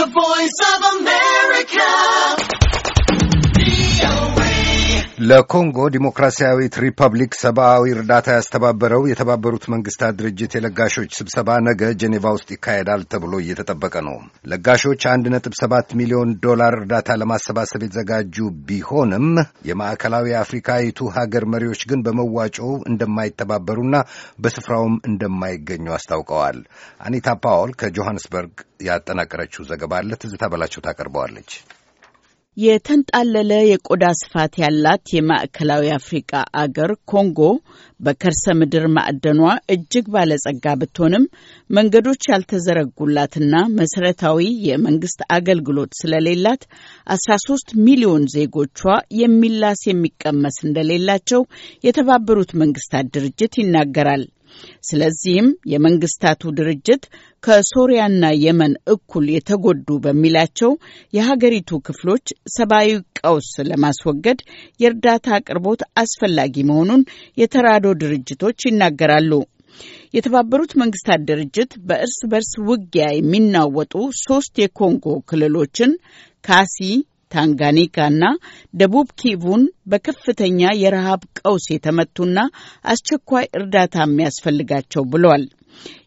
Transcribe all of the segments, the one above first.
The Voice of man. ለኮንጎ ዲሞክራሲያዊት ሪፐብሊክ ሰብአዊ እርዳታ ያስተባበረው የተባበሩት መንግስታት ድርጅት የለጋሾች ስብሰባ ነገ ጄኔቫ ውስጥ ይካሄዳል ተብሎ እየተጠበቀ ነው። ለጋሾች አንድ ነጥብ ሰባት ሚሊዮን ዶላር እርዳታ ለማሰባሰብ የተዘጋጁ ቢሆንም የማዕከላዊ አፍሪካዊቱ ሀገር መሪዎች ግን በመዋጮው እንደማይተባበሩና በስፍራውም እንደማይገኙ አስታውቀዋል። አኒታ ፓውል ከጆሃንስበርግ ያጠናቀረችው ዘገባ አለ። ትዝታ በላቸው ታቀርበዋለች። የተንጣለለ የቆዳ ስፋት ያላት የማዕከላዊ አፍሪቃ አገር ኮንጎ በከርሰ ምድር ማዕደኗ እጅግ ባለጸጋ ብትሆንም መንገዶች ያልተዘረጉላትና መሰረታዊ የመንግስት አገልግሎት ስለሌላት 13 ሚሊዮን ዜጎቿ የሚላስ የሚቀመስ እንደሌላቸው የተባበሩት መንግስታት ድርጅት ይናገራል። ስለዚህም የመንግስታቱ ድርጅት ከሶሪያና የመን እኩል የተጎዱ በሚላቸው የሀገሪቱ ክፍሎች ሰብአዊ ቀውስ ለማስወገድ የእርዳታ አቅርቦት አስፈላጊ መሆኑን የተራዶ ድርጅቶች ይናገራሉ። የተባበሩት መንግስታት ድርጅት በእርስ በርስ ውጊያ የሚናወጡ ሶስት የኮንጎ ክልሎችን ካሲ፣ ታንጋኒካና ደቡብ ኪቡን በከፍተኛ የረሃብ ቀውስ የተመቱና አስቸኳይ እርዳታ የሚያስፈልጋቸው ብለዋል።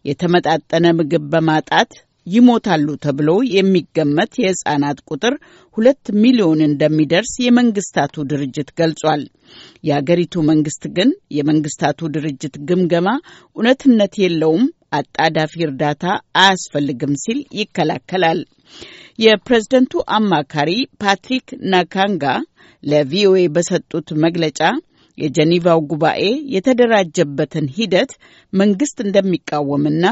የተመጣጠነ ምግብ በማጣት ይሞታሉ ተብሎ የሚገመት የህፃናት ቁጥር ሁለት ሚሊዮን እንደሚደርስ የመንግስታቱ ድርጅት ገልጿል። የአገሪቱ መንግስት ግን የመንግስታቱ ድርጅት ግምገማ እውነትነት የለውም አጣዳፊ እርዳታ አያስፈልግም ሲል ይከላከላል። የፕሬዝደንቱ አማካሪ ፓትሪክ ናካንጋ ለቪኦኤ በሰጡት መግለጫ የጀኒቫው ጉባኤ የተደራጀበትን ሂደት መንግስት እንደሚቃወምና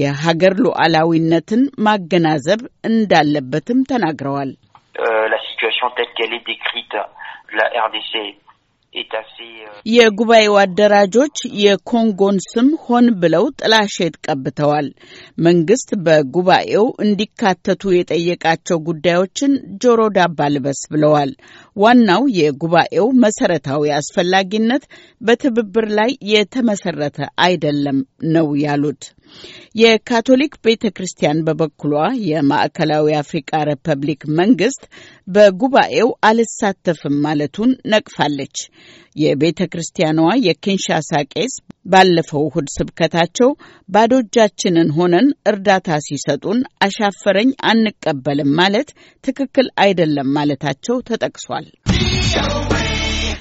የሀገር ሉዓላዊነትን ማገናዘብ እንዳለበትም ተናግረዋል። euh, የጉባኤው አደራጆች የኮንጎን ስም ሆን ብለው ጥላሸት ቀብተዋል። መንግስት በጉባኤው እንዲካተቱ የጠየቃቸው ጉዳዮችን ጆሮ ዳባ ልበስ ብለዋል። ዋናው የጉባኤው መሰረታዊ አስፈላጊነት በትብብር ላይ የተመሰረተ አይደለም ነው ያሉት። የካቶሊክ ቤተ ክርስቲያን በበኩሏ የማዕከላዊ አፍሪቃ ሪፐብሊክ መንግስት በጉባኤው አልሳተፍም ማለቱን ነቅፋለች። የቤተ ክርስቲያኗ የኪንሻሳ ቄስ ባለፈው እሁድ ስብከታቸው ባዶ እጃችንን ሆነን እርዳታ ሲሰጡን አሻፈረኝ አንቀበልም ማለት ትክክል አይደለም ማለታቸው ተጠቅሷል።